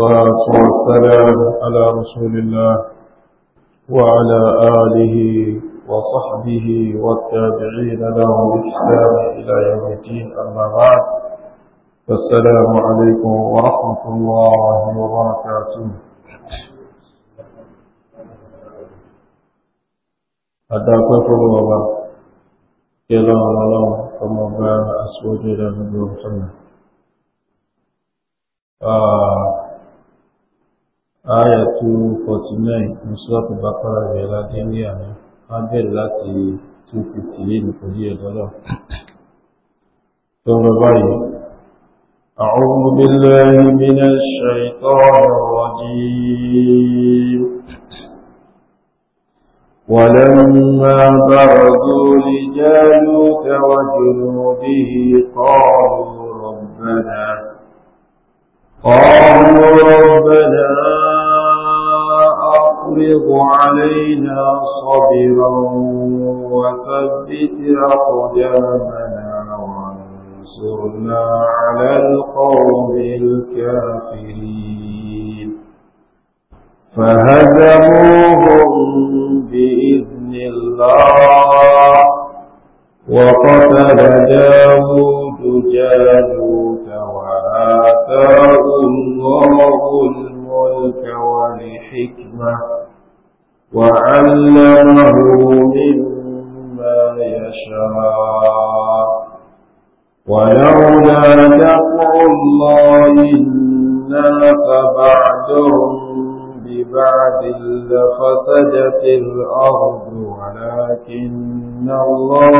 والصلاة والسلام على رسول الله وعلى آله وصحبه والتابعين له بإحسان إلى يوم الدين أما بعد فالسلام عليكم ورحمة الله وبركاته أداك الله كلا الله كما بان أسود إلى محمد Aya 249 ní Suratu Baqara rẹ̀ ládé ní àná, a bẹ̀rẹ̀ láti 250 lè nìkòdí ẹ̀dọ́lọ́. Tọ́rọ báyìí, أعوذ بالله من الشيطان الرجيم ولما برزوا لجالوت وجنوده قالوا ربنا قالوا ربنا تفرض علينا صبرا وثبت أقدامنا وانصرنا على القوم الكافرين فهزموهم بإذن الله وقتل داود جالوت وآتاه الله الملك والحكمة وعلمه مما يشاء ولولا دفع الله الناس بعدهم ببعد لفسدت الأرض ولكن الله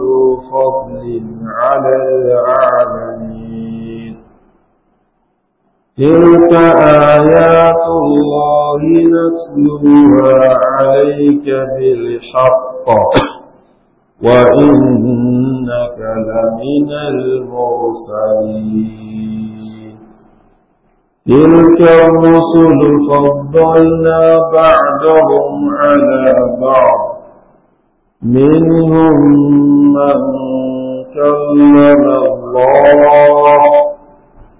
ذو فضل على العالمين تلك آيات الله نتلوها عليك بالحق وإنك لمن المرسلين تلك الرسل فضلنا بعدهم على بعض منهم من كلم الله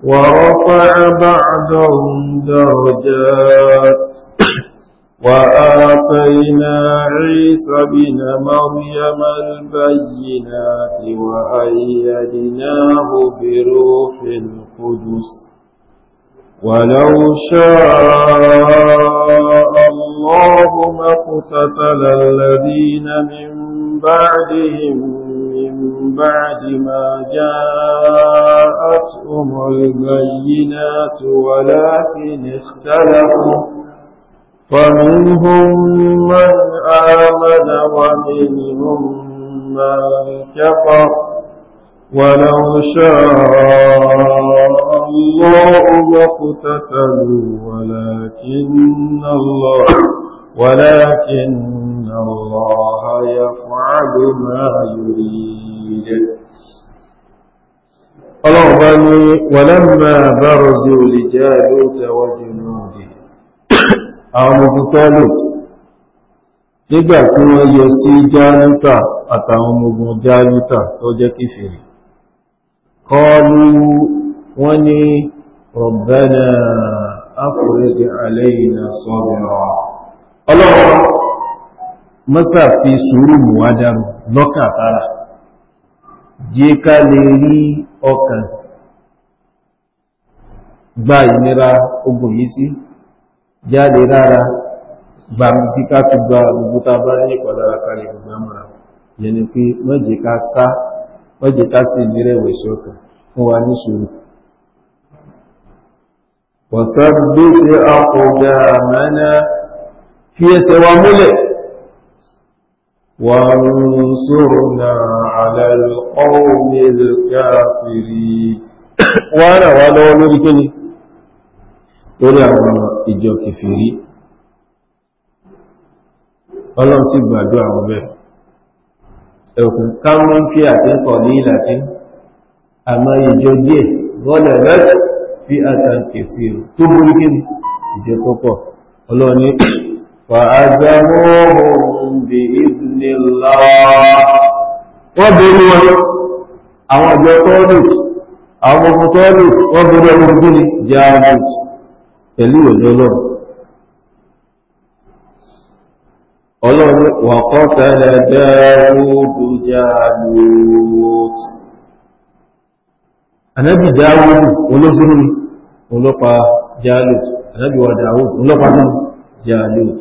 ورفع بعضهم درجات وآتينا عيسى بن مريم البينات وأيدناه بروح القدس ولو شاء الله ما اقتتل الذين من بعدهم بعد ما جاءتهم البينات ولكن اختلفوا فمنهم من آمن ومنهم من كفر ولو شاء الله ما ولكن الله ولكن الله يفعل ما يريد ní jẹ́ ọlọ́run bá ní wàlámà bárọ̀zí ò lè jẹ́ àlóòtẹ́wọ́ jùlọ òdì àwọn ọmọ tálẹ̀t nígbà tí wọ́n yọ sí jálútà àtàwọn ọmọ ogun tó jẹ́ kèfèrí kọlu wọ́n ní rabbana afrij alayna sabra ọlọ́run jẹ́ ká lè rí ọkàn gba ìnira ogun yìí sí jáde rárá gbà bí ká gba gbogbo tá bá ní ìpàdára kalẹ̀ ìgbàmọ̀ra yẹn ni pé má jẹ́ ká sá jẹ́ ká sì ọkàn fún wa ní gbé ọkọ̀ وانصرنا على القوم الكافرين wọ́n wá lọ́wọ́ lórí kíni lórí àwọn ìjọ kèfèrí ọlọ́run sì gbàdúrà àwọn bẹ́ẹ̀ ẹ̀kùn káwọn ń fi àtẹ́kọ̀ọ́ ní ìlàtí àmọ́ ìjọ díẹ̀ gọ́dẹ̀ lẹ́tù fi فأزموهم بإذن الله wọ́n borí wọn àwọn ọjọ́ tọ́lùt àwọn ọmọ tọ́lùt wọ́n borí ọmọ gíní jarmut pẹ̀lú òjò ọlọ́run wàkọ́tẹ̀lẹ̀ dáwùdù jarmut anábì dáwùdù olóṣèlú olópa jarmut anábì wà dáwùdù olópa jarmut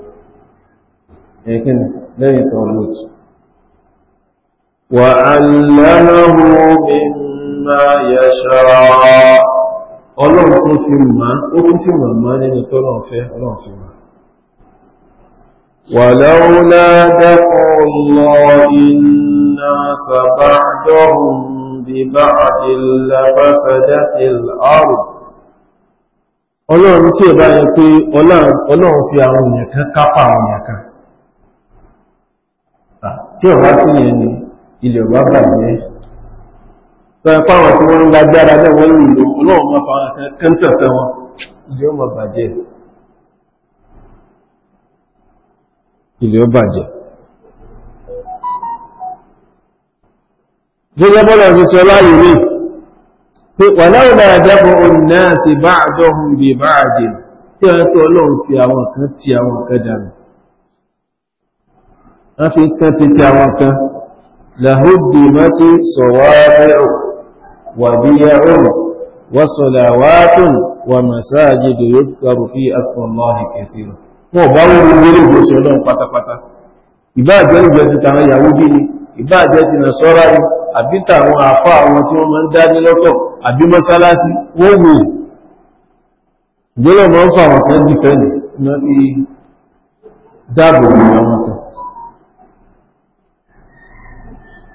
ẹ̀kẹ́ lẹ́yìn tó lóòt wà alẹ́lẹ́rù mímá tó fi mà ó tún fi mà má nínú tó náà fẹ́ ọlọ́run fi mà ولولا دفع الله الناس بعدهم ببعض ọlọ́run tí tí ọ̀rá sí yẹn ni ilẹ̀ ọ̀rá bàjẹ́ sọ ẹ̀pá àwọn tí wọ́n ń lágbára náà wọ́n ń lò ọlọ́run máa fa kẹ́ńtọ̀ wọn ilẹ̀ ọmọ bàjẹ́ ilẹ̀ ó bàjẹ́ gẹ́gẹ́ bọ́lá ṣe sọ láyé rí pé wà láwọn bá jábọ̀ òun náà sí bá àdọ́hùn bí bá àdè tí wọ́n tó ọlọ́run ti àwọn kan ti àwọn kan dànù wọ́n fi tán ti ti àwọn kan lahuddi mati sọ̀wárẹ̀ọ̀ wà bí yá ọ̀rọ̀ wọ́sọ̀làwátùn wà masáàjìdò yóò tàbí fi asọ̀lọ́hì kẹsìrò wọ́n bá wọ́n ní ilé ìgbòsí ọlọ́run pátápátá ìbá jẹ́ ìgbẹ̀sì tàwọn ìyàwó bí ni ìbá jẹ́ ti nà sọ́ra ni àbí tàwọn àfá àwọn tí wọ́n máa ń dá ní lọ́tọ̀ àbí mọ́sálásí wọ́n wò ìgbélọ̀ máa ń fa àwọn kan dìfẹ́ǹdì wọ́n fi dáàbò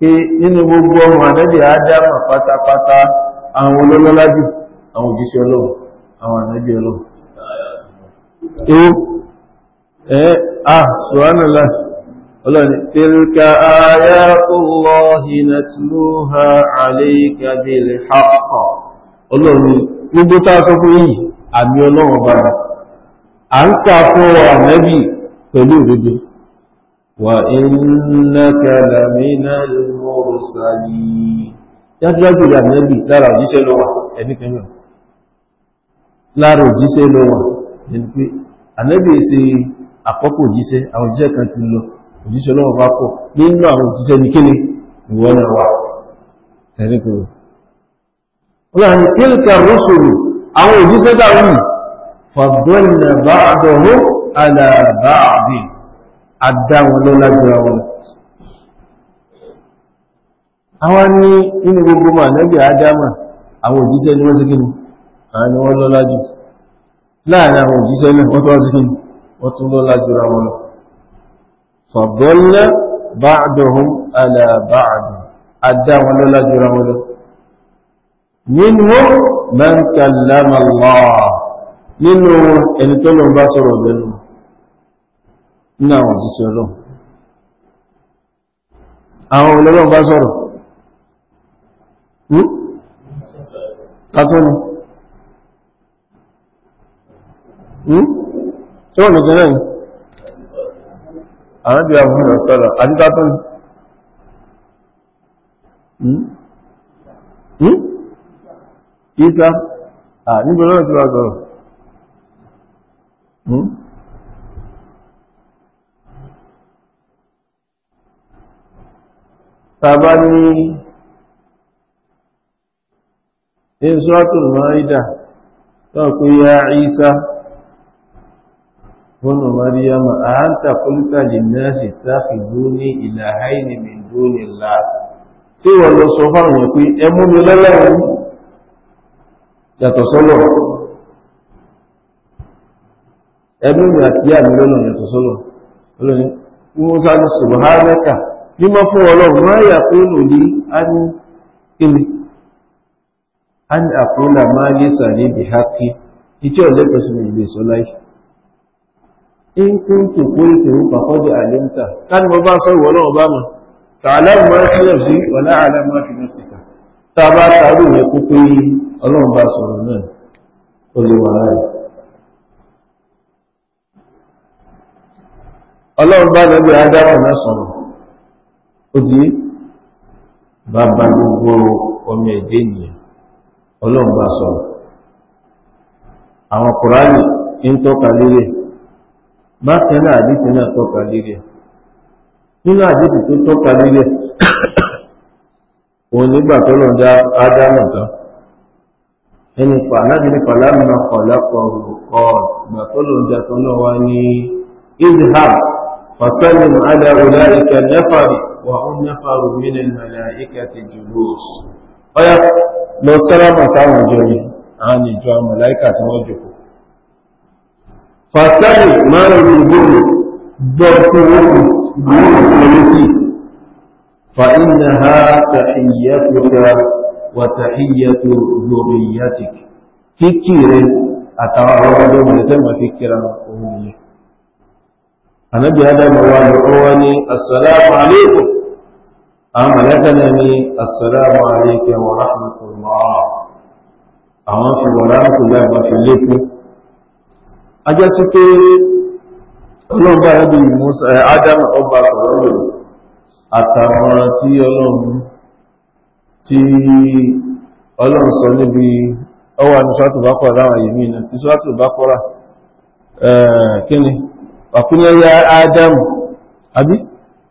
pé nínú gbogbo ọmọ ànábì ádámà pátápátá àwọn olólọ́lá jù àwọn òjíṣẹ́ ọlọ́run àwọn ànábì ọlọ́run tó ẹ́ à ṣùgbọ́nàlá ọlọ́ni tilka ayatullahi natluha alayka a sọ fún yìí àmì ọlọ́run à وإنك لمن المرسلين dájúdájú ìyá nẹ́bì lára òjíṣẹ́ ló wà ẹnikẹ́nà lára òjíṣẹ́ ló wà ẹni pé ànẹ́bì ṣe àkọ́kọ́ òjíṣẹ́ àwọn òjíṣẹ́ kan ti lọ òjíṣẹ́ lọ́wọ́ bá pọ̀ nínú àwọn òjíṣẹ́ ní kíni ìwọ náà wà ẹni kò láàrin kílkà rọ́ṣòrò àwọn òjíṣẹ́ dáwọn fàbọ́nà bá àdọ̀rọ̀ alàbáàbìn àdá wọn lọ́lá jọra wọn àwọn ní inú gbogbo mà nẹ́bí àádámà àwọn òjíṣẹ́ ni wọ́n sí kíni àwọn ni wọ́n lọ́lá jù láàrin àwọn òjíṣẹ́ náà wọ́n tó wá sí kíni wọ́n tún lọ́lá jọra wọn lọ fọ̀bọ́lá ba'duhum ala ba'd àdá wọn lọ́lá jọra wọn lọ nínú man kallama Allah nínú ẹni tó lọ bá sọ̀rọ̀ lẹ́nu ní àwọn òjíṣẹ́ ọlọ́run àwọn olóòrùn bá sọ̀rọ̀ sátúnù hmm? tí hmm? wọ́n nìkan náà àrábí àwọn ìrọ̀sọ́lọ̀ àti sátúnù Isa, à nígbẹ̀rẹ̀ ọ̀tí wà sọ̀rọ̀. Hmm? tàbá ní Suratul Maida tọ́kù ya Isa wọn Maryama a ń takúlùkà linnasi takhizuni ilahaini min dunillah tí wọ́n lọ sọ fáwọn pé ẹmú mi lẹ́lẹ́rìn yàtọ̀ sọ́lọ̀ ẹmú mi àti yà mí lọ́nà yàtọ̀ sọ́lọ̀ lónìí Musa ní subhanaka mímọ́ fún ọlọ́run máa yà fún òní ánìkíni ánì àkúrúlà máa lè sà ní bìhákí ìtí ọ̀lẹ́ pẹ̀sùn ìgbè sọ láì in kún tó kúrò tèrú pàkọ́dé àlẹ́mta káni mo bá sọ ìwọ̀ náà bá mọ̀ tààlẹ́ máa sí ẹ̀sí wọlá àlẹ́ máa fi mọ́ síkà tá a bá tarí rẹ̀ kó pé ọlọ́run bá sọ̀rọ̀ náà ó lè wà ọlọ́run bá ozi. ti bàbá gbogbo ọmọ ẹ̀dẹ́ ènìyàn ọlọ́run sọ̀rọ̀ àwọn kùránì ń tọ́ka lérí bákan àdísì náà tọ́ka lérí nínú àdísì tó tọ́ka lérí òun nígbà tọ́lọ̀ dá ádámù tán ẹni fà láti kọ̀ ọ̀rọ̀ ìgbà dá tán náà wá وهم نفر من الملائكة جلوس أيا ما سلام سلام جوني عن جوا ملائكة موجب فتاي ما نقول بقول بقول فإنها تحيتك وتحية ذريتك فكر أتعرض لهم لتم فكرا أمي أنا بهذا موالي أواني السلام عليكم àwọn mọ̀lẹ́kà náà ní assalamu alaikum wa rahmatullah àwọn fi wà rahmatullah wọ́n fi ajá sí pé ọlọ́ọ̀bá ẹbí Musa Adam eh, ọba sọ̀rọ̀ lò àtàwọn tí ọlọ́run tí ọlọ́run sọ níbi ọwà ní ṣọ́tù bá kọ́ láwọn yìí mìíràn tí ṣọ́tù bá kọ́ra eh, kíni wàkúnlẹ̀ ya Adam àbí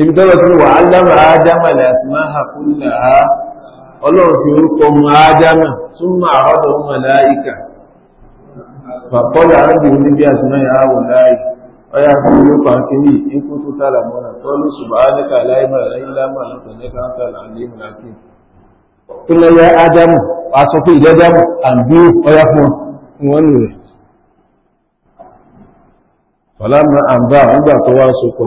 ibi tọ́lọ̀ tí wà ádámà ádámà làásìmáhà kúlà á ọlọ́run fi orúkọ ọmọ ádámà súnmọ́ àrọ́dọ̀ ọmọ láìka fàkọ́lá áńdì ní bí àsìmáyà áwò láì ọyá fún olópa kìíní ikú tó tààlà mọ́ra tọ́lú subhanaka láìmọ̀ láìlámà lọ́tọ̀lẹ́ka ń tààlà àlẹ́mù a sọ pé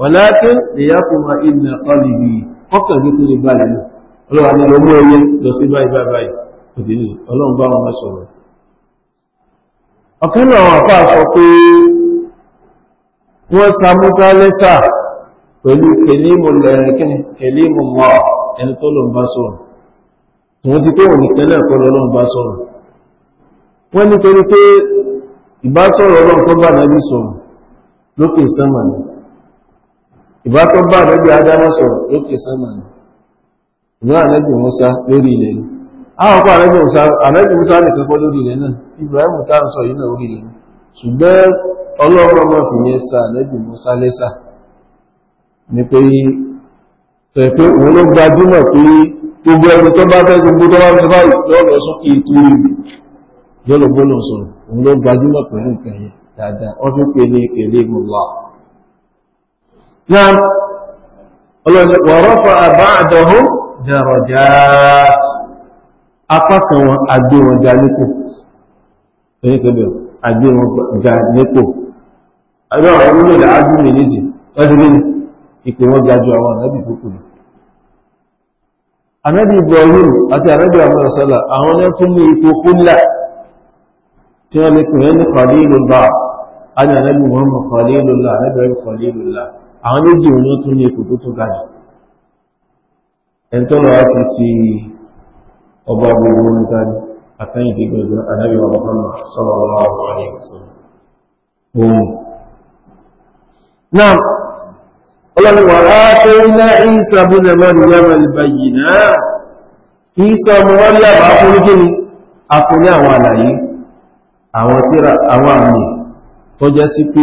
walakin liyatma inna qalbi ọkàn bí tó lè balẹ̀ náà ọlọ́wà ní ọmọ ẹyẹ lọ sí báyìí báyìí òtí ní ọlọ́run bá wọn sọ̀rọ̀ ọ̀kan náà wọ́n fà sọ pé wọ́n sa Musa lẹ́sà pẹ̀lú kẹlímù lẹ́rìnkẹ́ni kẹlímù mọ́ ẹni tó lọ bá sọ̀rọ̀ tòun ti pé òní tẹ́lẹ̀ ẹ̀kọ́ lọ́lọ́run bá sọ̀rọ̀ wọ́n nítorí pé ìbásọ̀rọ̀ ọlọ́run tó bá nàbí sọ̀rọ̀ lókè sánmà ni ìbá bá ànábì ádámà sọ̀rọ̀ lókè sánmà ni ìbá musa lórí ilẹ̀ ni àwọn ọkọ̀ ànábì musa nìkan kọ́ lórí ilẹ̀ náà tí ibrahim ta ń sọ yìí náà lórí ilẹ̀ ni ṣùgbọ́n ọlọ́run ọmọ sa ànábì musa lẹ́sà ni pé pẹ̀pẹ́ òun ló gbajúmọ̀ pé gbogbo ẹni tó bá fẹ́ gbogbo tó bá fẹ́ báyìí yóò lọ sókè sọ̀rọ̀ òun ló gbajúmọ̀ pẹ̀lú dáadáa fi ní èlé gbogbo náà ọlọ́sẹ̀ wọ̀rọ́fà àbáàdọ̀hún dẹ̀rọ̀jáàt apákan wọn agbé wọn ga nípò oníkẹ́bẹ̀ agbé wọn ga nípò àwọn àwọn orílẹ̀ èdè ágbìmì nìsì lọ́sílẹ̀ ìpè wọn ga ju àwọn ànábì tó kù lọ ànábì Ibrahim àti ànábì àwọn ọ̀sọ́là àwọn ní fún ní ipò kúlà tí wọ́n lè pè ní kọ̀lílùlá àti ànábì Muhammad Khalilullah àwọn méjì òun tún ní ipò tó tún ga jù ẹni tó lọ́wọ́ fi sí ọba gbogbo ní tàbí àtẹ́yìn tí gbogbo anábì wa Muhammad sallallahu alaihi wasallam ohun náà ọlọ́run wà láàtọ́ iná ìsà bí na mẹ́rin yàmà ìbàyì náà ìsà ọmọ wọn ní àbá fún kíni a fún ní àwọn àlàyé àwọn àmì tó jẹ́ sí pé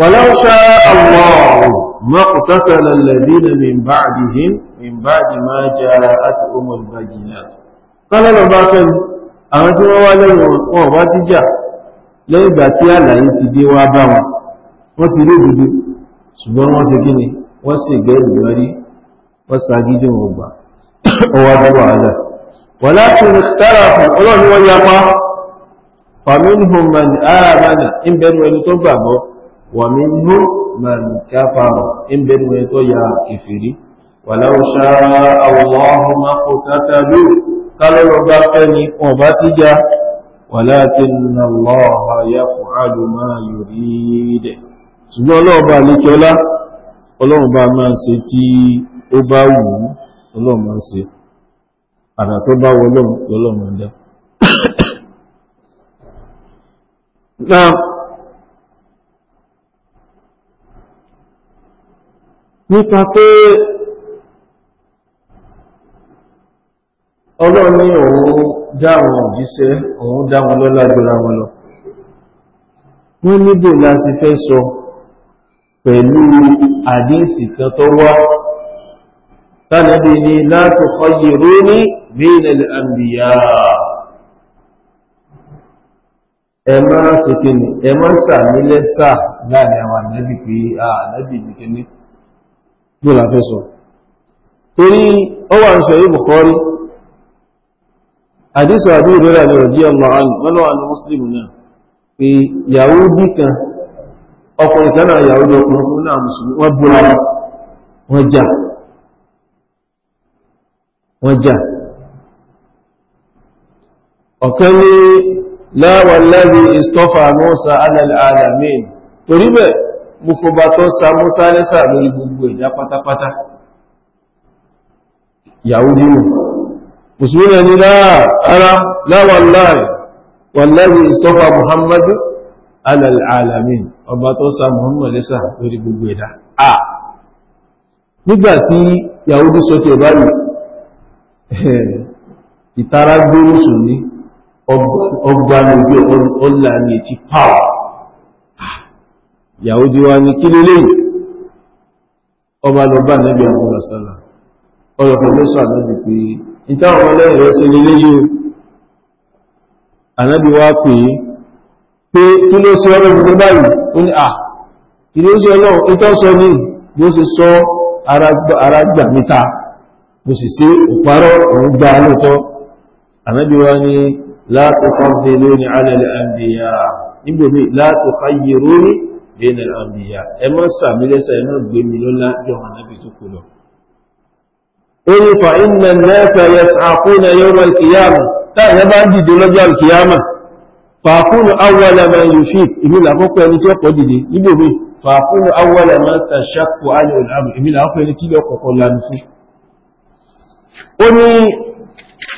ولو شاء الله ما اقتتل الذين من بعدهم من بعد ما جاءتهم البينات قال الباطل àwọn tí wọ́n wá lẹ́yìn wọn bá ti jà lẹ́yìn ìgbà tí àlàyé ti dé wá bá wọn wọ́n ti rí dúdú ṣùgbọ́n wọ́n ṣe kíni wọ́n sì gbẹ́ ìgbẹ́rí wọ́n ṣàgídí wọn gbà ọwọ́ bí wàhálà wọ́n láti tára fún ọlọ́run wọ́n yapa fàmílì hùmàn ààbànà ń bẹnu ẹni tó gbàgbọ́ ومنه من كفر إن بنويتو يا كفري ولو شاء الله ما اقتتلوا قالوا بقني وبتجا ولكن الله يفعل ما يريد ṣùgbọ́n ọlọ́run bá lè kíọ́lá ọlọ́run bá máa ṣe tí ó bá wù ú ọlọ́run máa ṣe àdà tó bá wọ lọ́lọ́run dá nípa pé ọlọ́run ní òun dá àwọn òjíṣẹ́ òun dá wọn lọ́lá jọra wọn lọ wọ́n níbò láti fẹ́ sọ pẹ̀lú àdínsì kan tó wá tánàbí ni la tukhayyiruni bayna al-anbiya ẹ̀mọ́ sàmílẹ́sà láàrin àwọn ànábì pé ah, ànábì nìkẹ́ni bí la fẹ́ sọ torí ó wà ń sọ yí Bukhari àdísọ àbí ìrẹ́rà lè rọ̀jí ọmọ àwọn àwọn mùsùlùmí náà pé Yahudi kan ọkùnrin kan náà Yahudi ọkùnrin náà mùsùlùmí wọ́n búra wọ́n jà wọ́n jà ọ̀kan ní la wallazi istafa Musa ala al-alamin torí bẹ́ẹ̀ gbogbo ọba tó sa Mùsá lẹ́sà lórí gbogbo ẹ̀dá pátápátá Yahudi nù musulmi ẹni náà láwàláì wàláì istofa Muhammadu alàlàmìn ọba tó sa Muhammad lẹ́sà lórí gbogbo ẹ̀dá a nígbàtí Yahudi sọ ti ẹ̀bá yìí ìtara gbé mùsùlùmí ọgbà ní ní ti yàhúdí wa ní kí lélẹ́ ọba lọ bá nẹ́bí àwọn ọ̀sánà ọ̀rọ̀ pẹ̀lẹ́sọ̀ ànábì pé ìtàwọn ọlẹ́yìn rẹ̀ sí lélẹ́ yìí ànábì wa pè é pé kí ló sí ọlọ́run sí báyìí ó ní à kí ló sí ọlọ́run ìtọ́ sọ ní bó ṣe sọ ara gbà níta mo sì sí òparọ́ òun gba lóòótọ́ ànábì wa ní látòkọ́ fi lónìí alẹ́ àǹdíyà nígbèmí látòkọ́ yìí rónìí bẹ́ẹ̀nà àmìyà ẹ mọ́ sàmì lẹ́sẹ̀ ẹ mọ́ gbé mi lọ́lá jọ ànábì tó kù lọ. ó ní fa inna an-nasa yas'aquna yawm al-qiyamah táwọn ẹ bá ń dìde lọ́jọ́ al-qiyamah fàákùnù awwala man yufiq làkọ́kọ́ ẹni tí ọkọ̀ dìde níbò mi fàákùnù awwala man tashaqqu alẹ́ òlàmù èmi làkọ́kọ́ ẹni tí ọkọ̀ kọ́ lanu ó ní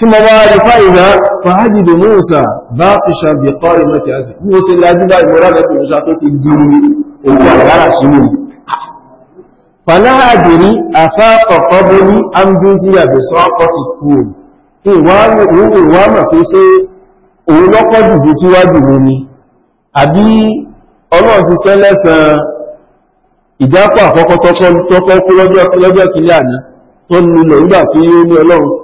tí mo wá rí fáìdá fàájìdè mọ́sà bá ti ṣàbí kọ́rì mọ́kì àṣì ní ó sì lájúbá ìmọ̀rá lẹ́kùn ìṣà tó ti di òkú àgbára sínú fàláàdìrí àfáàkọ̀kọ́bọ́ ní ambúzí àbẹ̀sọ́ ọkọ̀tì kúrò ìwà mọ̀ pé ṣe òun lọ́kọ́ dùdú síwájú mi ni àbí ọlọ́run ti sẹ́lẹ̀sàn ìjápọ̀ àkọ́kọ́ tọ́kọ́ kú lọ́jọ́ kìlẹ̀ àná tó nílò nígbà tí ó ní ọlọ́run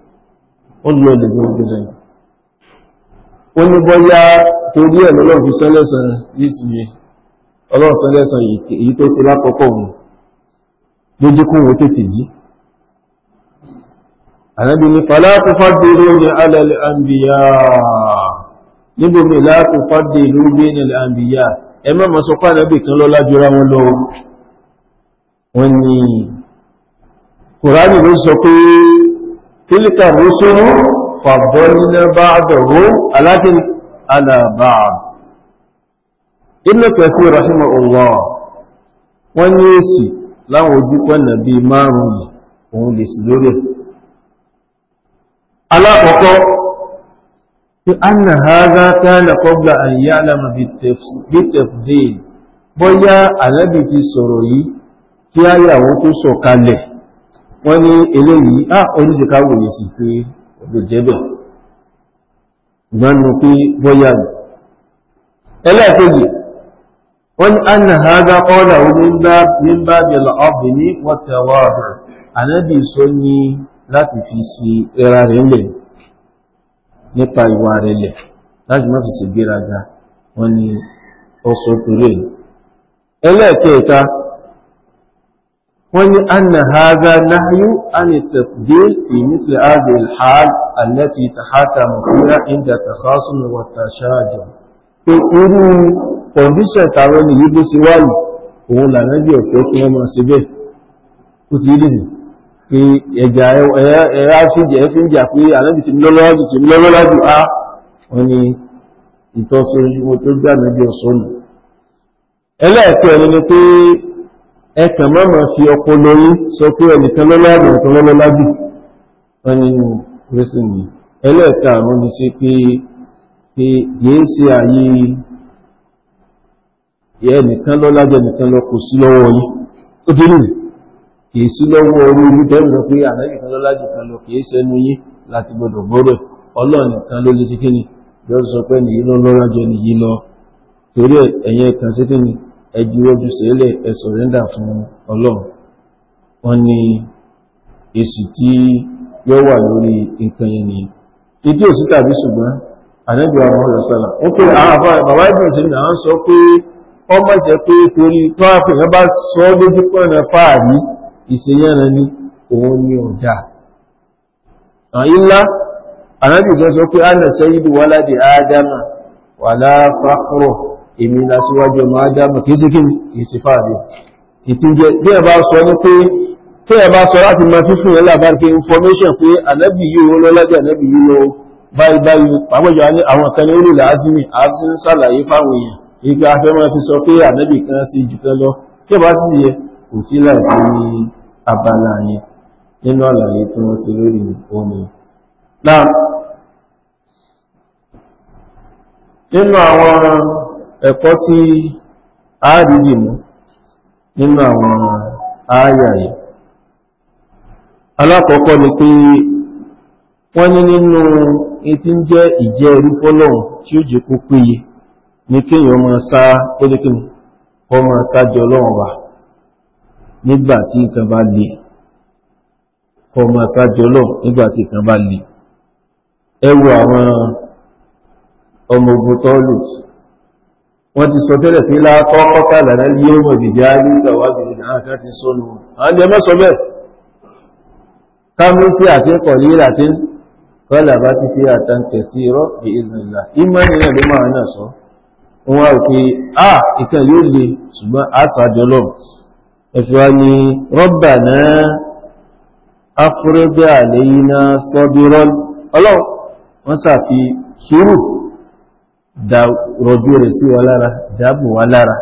ó lọ lè gbé oúnjẹ lẹ́yìn ó ní bọ́yá torí ẹ̀ lọ́lọ́ fi sẹ́lẹ̀sàn yìí ti yẹ ọlọ́run sẹ́lẹ̀sàn èyí tó ṣe lákọ́kọ́ òun ló jẹ́ kó wọ́n tètè jí ànábi ní fàlàkù fàdèrè ní alẹ́lẹ́ àǹbìyà níbo mi láàkù fàdèrè ní alẹ́lẹ́ àǹbìyà ẹ má máa sọ pé ànábì kan lọ́lá jura wọn lọ wọn ni kùránì ló sọ pé tilka rusulu fàbọ́nínà bá dọ̀rọ̀ alákin alábáàd inú kẹfí rahimu allah wọ́n ní èsì láwọn ojúkọ́ nàbí márùn-ún òun lè sí lórí alákọ̀ọ́kọ́ tí an na ha za ta na kọbla an yá alama bitafdin bọ́yá alábi ti sọ̀rọ̀ yìí kí áyàwó tó sọ̀kalẹ̀ wọ́n ní eléyìí á ah, oníjẹká wòye sí pé ọ̀dọ̀ jẹ́bẹ̀ ìgbánu pé bọ́yá nì ẹlẹ́ẹ̀kejì wọ́n ní anna haza qala min babi al-'azm wa tawadu' ànábì sọ ní láti fi sí ẹra rẹ̀ lẹ̀ nípa ìwà rẹ̀ lẹ̀ láti má fi sì gbéraga wọ́n ní torí ẹ̀ ẹlẹ́ẹ̀kẹta وأن أن هذا نهي عن التفضيل في مثل هذه الحال التي تحاتم فيها عند التخاصم والتشاجر irú kọ̀ndíṣẹ̀ tàwọn èyí bó sí wáyìí òun lànàbí ọ̀fẹ́ kí wọ́n máa ṣe bẹ́ẹ̀ ó ti rí sí pé ẹ̀jà ẹ̀rá fíjẹ̀ fi ń jà pé ànábì ti lọ́lọ́lájù ti lọ́lọ́lájù á wọ́n ni ìtọ́sọ tó gbà níbi ọ̀sọ́nù ẹlẹ́ẹ̀kẹ́ ni pé ẹkàn mọ́mọ̀ fi ọpọlọ yí sọ pé ẹnìkan lọ́láàbùn tó lọ́lọ́lábì wọ́n ni rẹ́sìn ní ẹlẹ́ẹ̀kàrún ni sí pé yìí sí ààyè yẹ ẹnìkan lọ́lájẹ́ ẹnìkan lọ kò sí lọ́wọ́ yí ó ti rìn kìí sí lọ́wọ́ orí ìlú tẹ́lẹ̀ pé àlẹ́kìkan lọ́lájẹ́ kan lọ kìí sẹ́nu yí láti gbọdọ̀ gbọ́dọ̀ ọlọ́ọ̀nìkan ló lè sí kíni yọ́ sọ pé nìyí lọ́lọ́lájẹ́ nìyí lọ torí ẹ̀yẹ kan sí kíni ẹ juwọ́jú sílẹ̀ ẹ sọ̀rẹ́ndà fún ọlọ́run wọ́n ní èsì tí yóò wà lórí nǹkan yẹn ni ìdí òsì tàbí ṣùgbọ́n ànábì àwọn ọ̀rọ̀sọ́là ó pé àwọn bàbá ìbùn sí ni àwọn sọ pé ọmọ ìṣẹ́ pé torí tó àfihàn bá sọ lójú pọ̀nà fáàrí ìṣeyẹ́ran ni òun ni ọ̀dà àyílá ànábì kan sọ pé ánà sẹ́yìn wáládì ádámà wàlá fákúrọ̀ èmi lásíwájú ọmọ ádámù kìí sí kí ìsìfààdì ìtíjẹ bí ẹ bá sọ ní pé tí ẹ sọ láti máa fífún yẹn lábárí information pé ànábì yìí ó lọ́lọ́dẹ̀ ànábì yìí lọ báyìí báyìí pàápàá ní azimi àti ń ṣàlàyé fáwọn èèyàn ibi afẹ́ máa fi sọ pé ànábì kan sí jù kan lọ tí ẹ bá sì yẹ kò sí nínú àwọn ẹ̀kọ́ tí a rí yìí mú nínú àwọn ááyà yìí alákọ̀ọ́kọ́ ni pé wọ́n ní nínú etí ń jẹ́ ìjẹ́ ẹrú fọ́lọ́hun tí ó jẹ́ kó péye ní kéèyàn máa sá pélékìní kọ́ máa sájọ ọlọ́run wà nígbà tí nǹkan bá le kọ́ máa ọlọ́run nígbà tí nǹkan bá le ẹ wo àwọn ọmọ ogun tọ́lùtù wọ́n ti sọ tẹ́lẹ̀ pé látọ́ kọ́kàlà náà yóò mọ̀ ìdíjá ní ìgbàwádìí ní àkà ti sọ́nù àwọn jẹ́ mọ́sọ bẹ́ẹ̀ káàmù pé àti kọ̀lí àti kọ́là bá ti fi àtàǹkẹ̀ sí irọ́ bí ìlànà ìmọ̀ ní ẹ̀lú máa náà sọ wọn a pé a ìkan yóò le ṣùgbọ́n a sàjọ lọ ẹ̀fẹ́ ni rọ́bà náà afúrẹ́gbẹ́ àlẹ́yìn náà sọ́bírọ́ ọlọ́run wọ́n sàfi sùúrù rọjú rẹ̀ sí wa lára dáàbò wa lára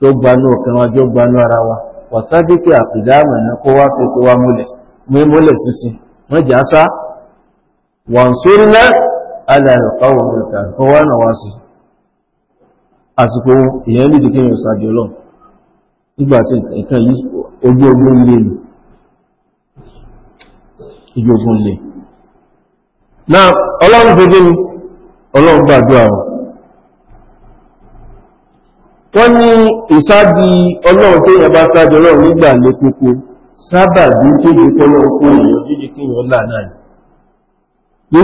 tó gbanú ọ̀kan wa jọ gbanú ara wa wàsábíkì àpìdáàmù ẹ̀nà kó wá fi sí wa múlẹ̀ mú múlẹ̀ sísìn wọ́n jà sá wọ́n sórí náà alàrẹ̀kọ́ wọn mẹ́ta kó wá náà wá sí àsìkò èèyàn nídìí kí èèyàn sàdì nígbà tí ẹ̀kan yìí ojú ogun lè nù ojú ogun lè na ọlọ́run ṣe mi ọlọ́run gbàdúrà wọn wọ́n ní ìsádi ọlọ́run tó yẹ bá sáájú ọlọ́run nígbà lé kókó sábà bí kéde kọlọ́run kó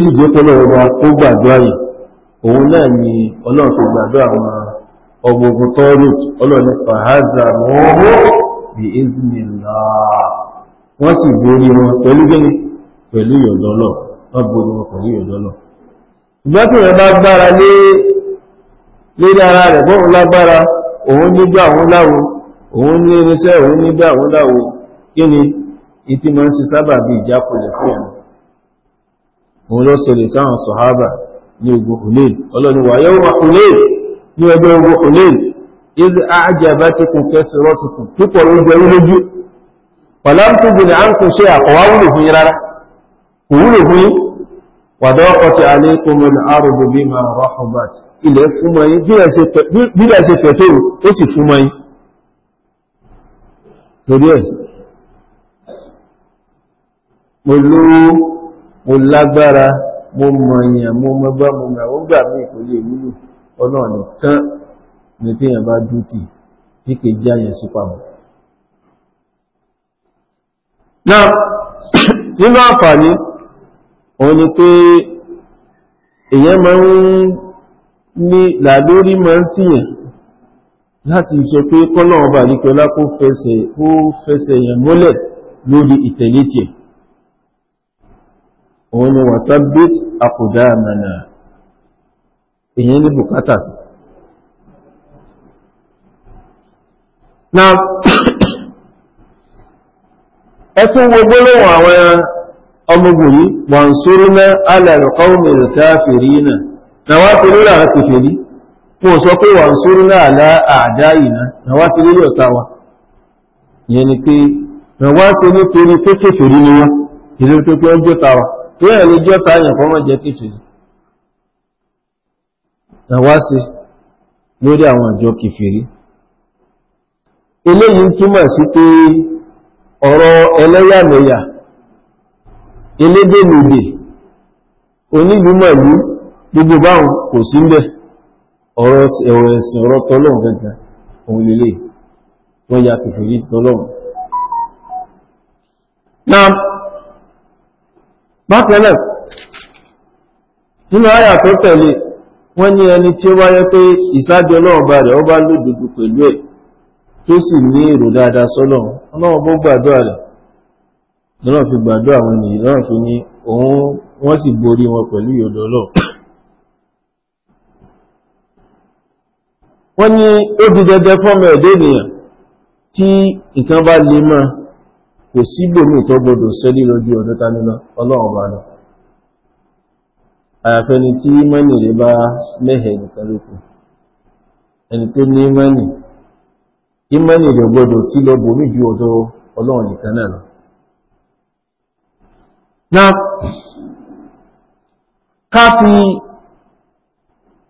sì wọn pẹ̀lú pẹ̀lú ìyọ̀dọ́lọ̀ wọ́n wọn pẹ̀lú ṣùgbọ́n tí èèyàn bá gbára lé lórí ara rẹ̀ bóun lágbára òun nígbà òun láwo òun ní irinṣẹ́ òun nígbà òun láwo kí ni ìtí máa ń ṣe sábà bí ìjákulẹ̀ fún ẹ̀mọ́ òun ló sọ lè sáwọn sọ̀hábà ní ogun hulil ọlọ́ni wà yóò wà hulil ní ọjọ́ ogun hulil ìdí àjàbá ti kún kẹsìrọ́ ti kún púpọ̀ ló jẹ́ lójú pàlámtúgbìn à ń kún ṣe àkọwá wúlò fún yín rárá kò wúlò fún yín wàdọ́kọ̀tí alékùnmùn àrùbù bí ma rọ́hùbát ilẹ̀ fún mọ́ yìí bílẹ̀ ṣe fẹ̀ tó ó sì fún mọ́ yìí torí ẹ̀ mo lówó mo lágbára mo mọ̀yàn mo mọ́gbá mo mẹ́wọ́n gbà mí kò lè wúlò ọ̀nà nìkan ní tí yẹn bá dútì tí kè já yẹn sí pamọ́ náà nínú àǹfààní òun ni pé èyàn máa ń ní làlórí máa ń tíyàn láti sọ pé kọ́lọ̀ ọba àríkọlá kó fẹsẹ̀ èyàn mọ́lẹ̀ lórí ìtẹ̀lé tiẹ̀ òun ni wàtàbít àkùdá àmànà èyàn ní bùkátà sí na ẹkún gbogbo lóhun àwọn ẹran ọmọbìnrin wọ̀nsúrúná alẹ́rọ̀kọ́wọ̀mọ̀ káfìrínà na wá ti rí àwọn kèfèrí fún sọ pé wọ̀nsúrúná àdá ìná na wá ti rí ọ̀tá wa yẹn ni pé na wá ti rí torí pé ni wọ́n ta wá sí lórí àwọn àjọ elébèlèdè onílùmọ̀lú gbogbo báhùn kò sí ńbẹ̀ ọ̀rọ̀ ẹ̀sìn ọ̀rọ̀ tọ́lọ́run gẹ́gẹ́ ohun lélẹ̀ wọ́n ya kìfẹ̀ yìí tọ́lọ́run na bákanáà nínú àyà tó tẹ̀lé wọ́n ní ẹni tí ó bá yẹ pé ìsájọ náà bá rẹ̀ ó bá lódodo pẹ̀lú ẹ̀ tó sì ní èrò dáadáa sọ́lọ́run ọlọ́run bó gbàdúrà rẹ̀ lọ́nà fi gbàdúrà àwọn ènìyàn lọ́nà fi ní òun wọ́n sì borí wọn pẹ̀lú ìyọ̀dọ̀ lọ wọ́n ní ó di dandan fọ́mọ ẹ̀dẹ́ ènìyàn tí nǹkan bá lè máa kò sí gbòmí tó gbọdọ̀ sẹ́lé lójú ọdún tánilá ọlọ́run bá lọ àyàfẹ́ni tí mọ́nì rẹ̀ bá mẹ́hẹ̀ nìkan lókù ẹni tó ní mọ́nì ìmọ́nì rẹ̀ gbọdọ̀ tí lọ gbòmí ju ọ̀dọ̀ ọlọ́run nìkan náà lọ náà ká fi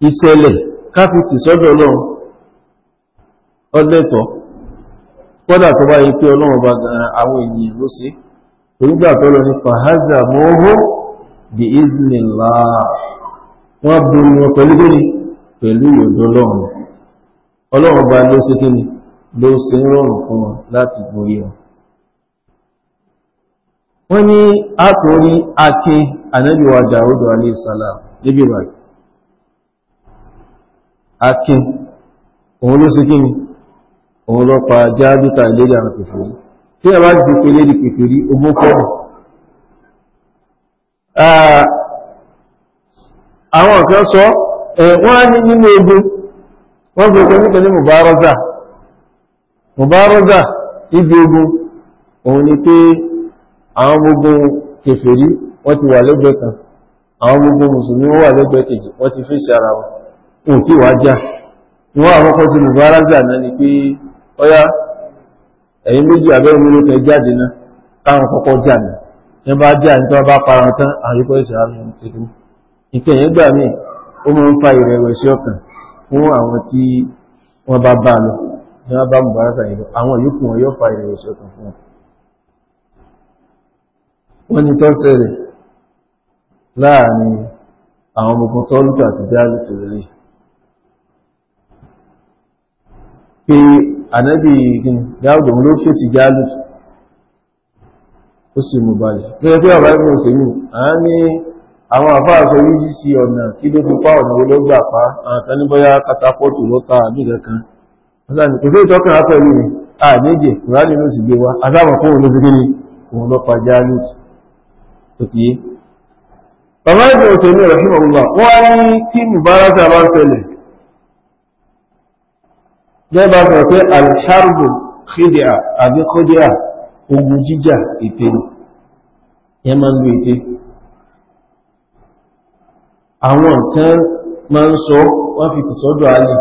ìṣẹ̀lẹ̀ ká fi tì sọ́dọ̀ náà ọdẹ́tọ̀ kọ́dà tó bá yí pé ọlọ́run bá gan àwọn ènìyàn ló sí onígbà tó lọ ní fàházà mọ́ọ́hó bí ìzìnlá wọ́n bu wọn pẹ̀lú gíní pẹ̀lú ìyọ̀dọ̀ ọlọ́run ọlọ́run bá ló sí kíni ló sí rọrùn fún wọn láti borí wọn wọ́n ní àkórí ake ànábíwá dáúdù aléìsàlá níbi báyìí ake òun ló sí kíni òun lọ pa ìlérí àwọn tí a bá ti pè lérí kèfèrí ogún kọ́rọ̀ àwọn sọ wọ́n á ní nínú ogun wọ́n fi ọkọ̀ nípa ní mùbárọ́zà ibi ogun òun ni àwọn gbogbo kèfèrí wọ́n ti wà lẹ́gbẹ̀ẹ́ kan àwọn gbogbo mùsùlùmí wọ́n wà lẹ́gbẹ̀ẹ́ kejì wọ́n ti fèsì ara wọn òun tí wàá jà wọ́n àkọ́kọ́ sí mùbárágà náà ni pé ọyá ẹ̀yin méjì abẹ́rẹ́ mi ló fẹ́ jáde náà táwọn kọ́kọ́ jà náà tí wọ́n bá jà ní tí wọ́n bá para tán àríkọ́ ìṣẹ́ àmì wọ́n bá bá bá mùbárágà àwọn yòókù wọn yóò fa ìrẹ̀wẹ̀sì ọkàn fún wọn wọ́n ní tó ṣẹlẹ̀ láàrin àwọn ọmọkùn tọ́lùkù àti jálùkù lórí pé ànábì dáúdù ló fèsì jálùkù ó sì mú balẹ̀ tó yẹ ọ̀rọ̀ ẹgbẹ́ òṣèlú à ní àwọn àfáà sọ yí sísí ọ̀nà kí ló fi pa ọ̀nà pa àwọn kan ní bóyá katapọ́ọ̀tù ló ta kò sí ni kùránì ló sì tó ti yé bàbá ìgbà òṣèlú rahimahullah wọ́n ní tí mubaraka bá ṣẹlẹ̀ jẹ́bà sọ pé alharbu khidia àbí khodia ogun jíjà ète yẹn máa ń lo ète àwọn nǹkan máa ń sọ wọ́n fi ti sọ́dọ̀ alì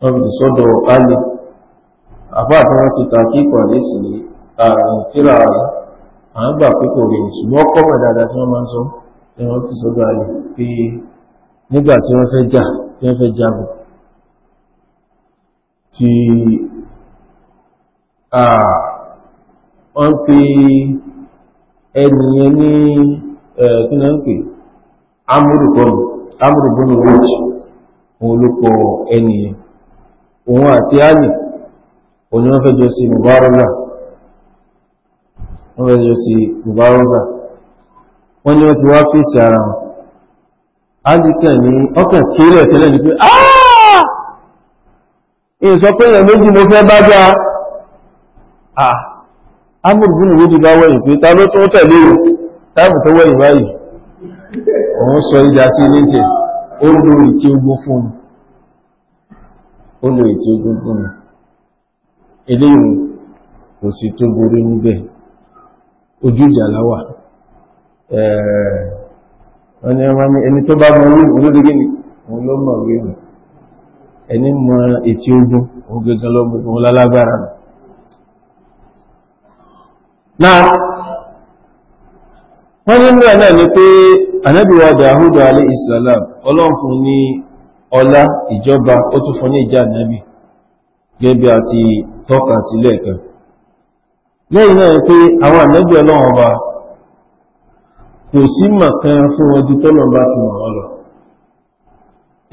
wọ́n fi ti sọ́dọ̀ alì àbá àtàwọn sí tàkíkọ̀ àdésì ààrùn tíra rẹ̀ àwọn gbà pé kò rí ṣùgbọ́n ọkọ̀ mọ̀ dáadáa tí wọ́n máa ń sọ ni wọ́n ti sọ́dọ̀ àlè pé nígbà tí wọ́n fẹ́ jà tí wọ́n fẹ́ jagun tí wọ́n pe ẹnìyẹn ní kí náà ń pè amúrùkọ́nù amúrùbọ́nù wọ́ọ̀tì òun ló kọ ẹnìyẹn òun àti àlè òun ni wọ́n fẹ́ jọ sí mùbárọ́lá wọ́n fẹ́ jọ sí mùbárọ́sà wọ́n ní wọ́n ti wá fèsì ara wọn ájíkẹ̀ ní ọkàn kéré ẹ̀tẹ́lẹ̀ ní pé ààrùn sọ pé èèyàn méjì mo fẹ́ bá já amúrùbùn méjì bá wẹ̀yìn pé ta ló tó tẹ̀lé o táàbù tó wẹ̀yìn báyìí òun sọ ìjà sí ilé tẹ̀ ó lo ìtí ogun fún mi ó lo ìtí ogun fún mi eléyìí kò sí tó borí níbẹ̀ ojú alawa. láwà eh, ẹni tó bá mọ̀ orí ìlú sígí ni ló mọ̀ orí ìlú ẹni mọ̀ ètí ogun òun gẹ́gẹ́ lọ́gbọ̀n lálágbára náà wọ́n ní mẹ́rin ni pé anábìwá Dáúdà alẹ́ ìsìlám ọlọ́run ní ọlá ìjọba ó tún ní lẹ́yìn náà pé àwọn ànábì ọlọ́run ọba kò sí màkan fún wọn ju tọ́lọ̀ bá fi mọ̀ ọ́ lọ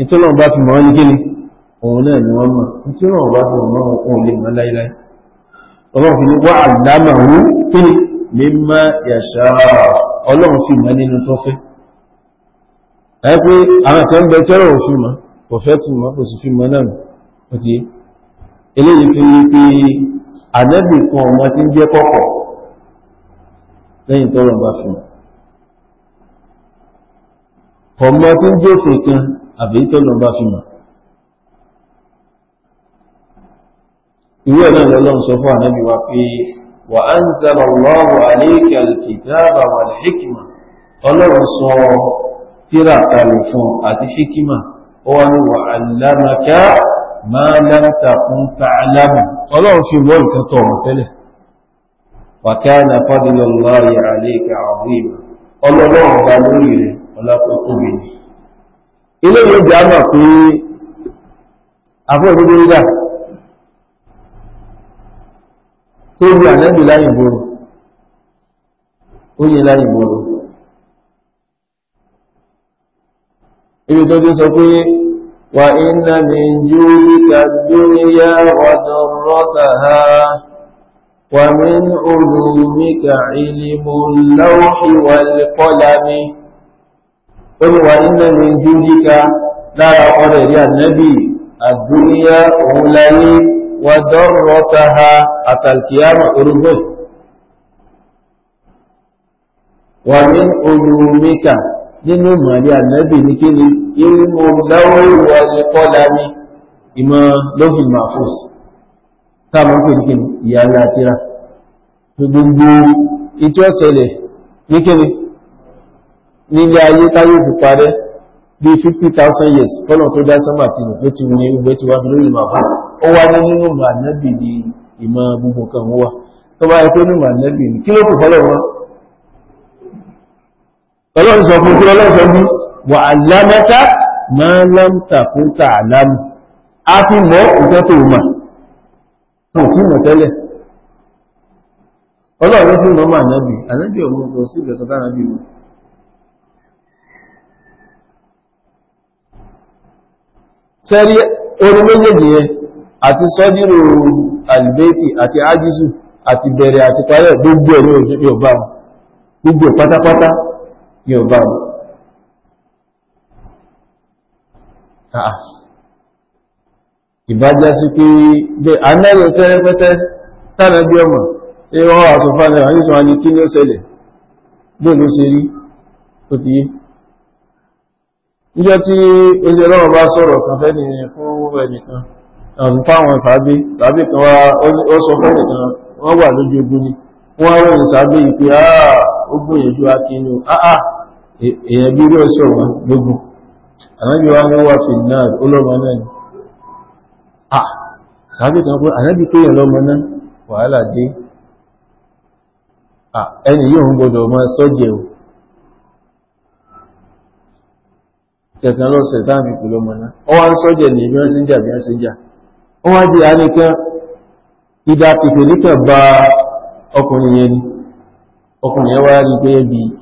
ìtọ́lọ̀ bá fi mọ̀ ọ́ ní kíni òun náà ni wọ́n mọ̀ tí wọ́n bá fi mọ̀ ọ́ lè mọ̀ láíláí ọlọ́run fi ní wá àdámà wú kíni mímá yàṣà ọlọ́run fi mọ̀ nínú tó fẹ́ ẹ pé àwọn kan bẹ tẹ́rọ̀ òfin mọ̀ kò fẹ́ fi mọ̀ kò sì fi mọ̀ náà mọ̀ eléyìí fi ní pé ànábì kan ọmọ tí ń jẹ́ kọ́kọ̀ lẹ́yìn tọ́rọ bá fún ọmọ tí ń jẹ́ òfin kan àbí tọ́rọ bá fún ìwé ọ̀nà sọ fún wa pé wà á ń sábà lọ́wọ́ àlékè ọlọ́run sọ tíra kalẹ̀ fún hikima ó ní wà máa lẹ́mta fún fàálámù ọlọ́run fi wọ́n nǹkan tọ̀rọ̀ tẹ́lẹ̀ wàkánà fadlullahi alayka azima ọlọ́run bá lórí rẹ̀ ọlọ́pọ̀tọ́bì ni ilé yóò jẹ́ àmà pé afọ́ ìdúró dà tó rí ànẹ́bì láyìnbóró ó yẹ láyìnbóró ibi tó ti sọ pé وإن من جودك الدنيا وضرتها ومن علومك علم اللوح والقلم قل وإن من جودك لا يقول يا النبي الدنيا أولي وضرتها أتى القيامة أرغب ومن علومك nínú mọ̀lẹ́ ànábì ní kí ni irúmọ̀ láwọ́ ìwọ̀ ẹni kọ́ ìmọ̀ lófin mahfuz táàmù pè ní ni ìyá ńlá tíra gbogbo ìtú ọ̀sẹ̀lẹ̀ ní kí ni nílé ayé táyé fi parẹ́ bí 50,000 years kọ́nà tó dá sánmà ti nù pé ti wù ní gbogbo ti wá bí lórí mahfuz ó wá ní nínú mọ̀lẹ́bì ní ìmọ̀ gbogbo kan wà tó bá yẹ pé nínú mọ̀lẹ́bì ní kí ló kù fọ́lọ̀ wọn ọlọ́run sọ fún kílọ́ lọ́sọ bí wà lámẹ́ta máa lámta fún tààlámù a fi mọ́ ìjọ tó mà tó tí mọ̀ tẹ́lẹ̀ ọlọ́run fún mọ́ mà nábì ànábì ọmọ ọkọ̀ sí ìgbẹ̀kọ̀ tánàbì mọ̀ sẹ́rí orin méjèèjì yẹn àti sọ́dírò alìbẹ́ẹ̀tì àti ájísù àti bẹ̀rẹ̀ àti parẹ́ gbogbo ẹ̀rọ ìjọba gbogbo pátápátá ní ọba ah. ọ̀. Ìbájá sí pé bẹ́ anẹ́rọ tẹ́rẹpẹ́tẹ́ tánà bí ọmọ tí wọ́n wà tó fánà wà nítorí ní kí ní ó ṣẹlẹ̀ bó ló ṣe rí ó ti yé. Níjọ́ tí oṣù ọlọ́run bá sọ̀rọ̀ kan fẹ́ nìyẹn fún ẹnìkan, àwọn fáwọn sàábé, sàábé kan wá ó sọ fẹ́ nìkan wọ́n wà lójú ogun ni, wọ́n rọrùn sàábé ìpé, "Ah, ogun yẹn ju akínú, ah ah, èèyàn bí yóò sọ̀rọ̀ lógún ànábì wa ní wà fi náà olóòmọ náà ni à sàájú kan pé ànábì pé èèyàn lọ́mọ náà wàhálà dé à ẹni yóò ń gbọdọ̀ máa sọ́jẹ̀ o kẹta lọ́sẹ̀ táàmì wọ́n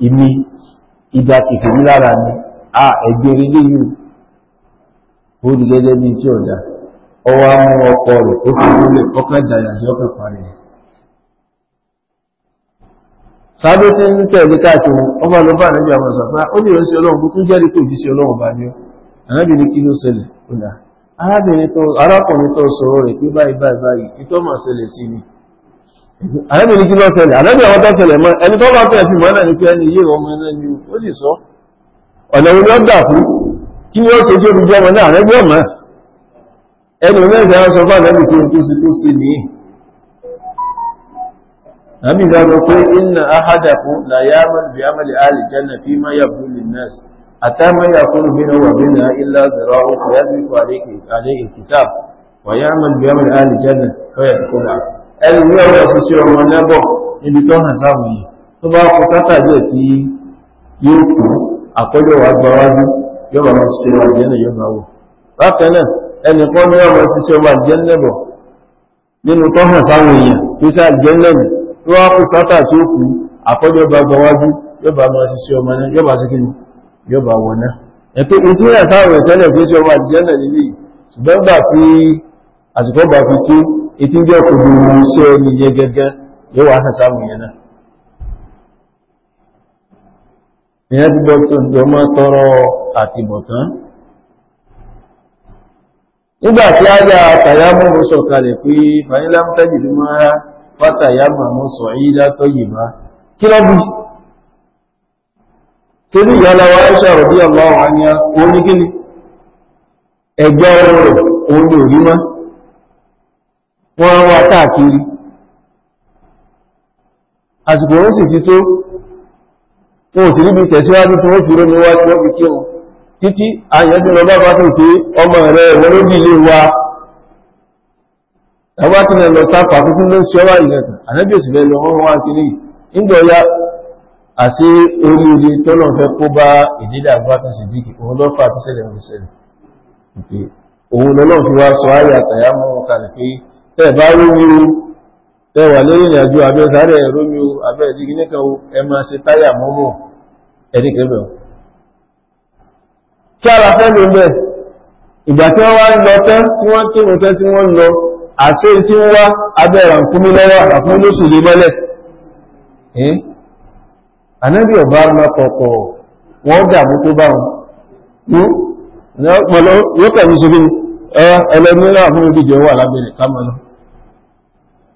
wọ́n ba ìdá kìkìrí lára ni a egbe léyìn ó rí gẹ́gẹ́ bí tí ọ̀dá ọwọ́ mú ọkọ rẹ̀ ó fi múlẹ̀ ọkàn ìdáyà sí ọkàn parí sábé tí ń tẹ̀lé káàkiri ọba ló bá ànábì àwọn ìsàfá ó lè rẹ́sí ọlọ́run tó tún jẹ́rìí kò jíṣẹ́ ọlọ́run bá ní ọ ànábì ní kí ló ṣẹlẹ̀ ọ̀dà arákùnrin tó sọ̀rọ̀ rẹ̀ pé báyìí báyìí àrẹ́bì ní kí lọ ṣẹlẹ̀ àrẹ́bì àwọn tó ṣẹlẹ̀ mọ́ ẹni tó bá fẹ́ fi mọ́ náà ní pé ẹni yé ọmọ náà ni ó sì sọ ọ̀nà orí ọ̀dà fún kí ni ó ṣe tó rújọ ọmọ náà àrẹ́bì ọmọ ẹni mẹ́rin àwọn sọ fún àrẹ́bì tó tó sì tó sì nìyí àmì ìdájọ pé inna ahadakum la ya'mal bi amali ahli janna fi ma yabdu lin nas hatta ma yakunu minhu wa minha illa dhira'un yasbiqu alayhi alayhi alkitab wa ya'mal bi amali ahli janna fa yadkhuluha ẹni ní ọ̀rọ̀ ṣiṣẹ́ ọmọ lẹ́bọ̀ níbi tó hàn sáwọn yìí tó bá kọ sátàdí ẹ̀ tí yóò kú àkọ́jọ́ wa gba wájú yóò máa ṣiṣẹ́ ọmọ àjẹ́ náà yóò máa wò bákan náà ẹnì kan ní ọmọ ṣiṣẹ́ ọmọ àjẹ́ lẹ́bọ̀ nínú tó hàn sáwọn èèyàn tó ṣe àjẹ́ lẹ́bù tó wá kọ sátà tí kú àkọ́jọ́ bá gba wájú yóò máa ṣiṣẹ́ ọmọ náà yóò bá ṣe ọmọ náà nílé ètí ń jẹ́ òkùnkùn ìmọ̀ iṣẹ́ ẹni yẹ gẹ́gẹ́ yóò wá hàn sáwọn yẹn náà ìyẹn ti gbọ́dọ̀ mọ́ tọrọ àti bọ̀tán nígbà tí a yà tàyámù mú kalẹ̀ pé fàyílá ń tẹ́jì ló máa látọ́ yìí bá kí bí ní ìyá lọ́wọ́ ẹgbẹ́ òun ni wọ́n wá káàkiri àsìkò wọ́n sì ti tó wọn ò sì ríbi tẹ̀síwájú tí wọ́n fi rómi wá tí wọ́n fi kí wọn títí àyẹ̀dùn lọ bá bá tó pé ọmọ rẹ̀ wọ́n ló dìlé wa ẹwà tí lẹ́lọ tápà kúkú ló ń ṣe ọwà ìrẹ̀kà ànábì òsì lẹ́lọ wọ́n wá kiri nígbọ̀ ya àti orí ilé tọ́nà fẹ́ kó bá ìdílé àgbàtà sì dìkì òun lọ́fà àti sẹ́lẹ̀ òun sẹ́lẹ̀ òun lọ́nà fi wá sọ ayé àtàyà mọ́ kalẹ̀ pé tẹ́ bá rómi o tẹ́ wà lórí ìrìn àjò abẹ́ sáré rómi o abẹ́ ìdígi nìkan o ẹ máa ṣe táyà mọ́mọ́ ẹni kẹfẹ́ o kí ara fẹ́ ló bẹ̀ ìgbà tí wọ́n wá ń lọ tán tí wọ́n kírun tán tí wọ́n lọ àṣẹ tí ń wá abẹ́ ràǹkúmí lọ́wọ́ àfún lóṣù lè mọ́lẹ̀ ànábì ọ̀bá mọ́kọ̀ọ̀kọ̀ wọ́n dàbú tó bá wọn yóò kẹ̀mí ṣe bí ẹlẹ́mìíràn fún ìdíje wà lábẹ́rẹ̀ ká mọ́ náà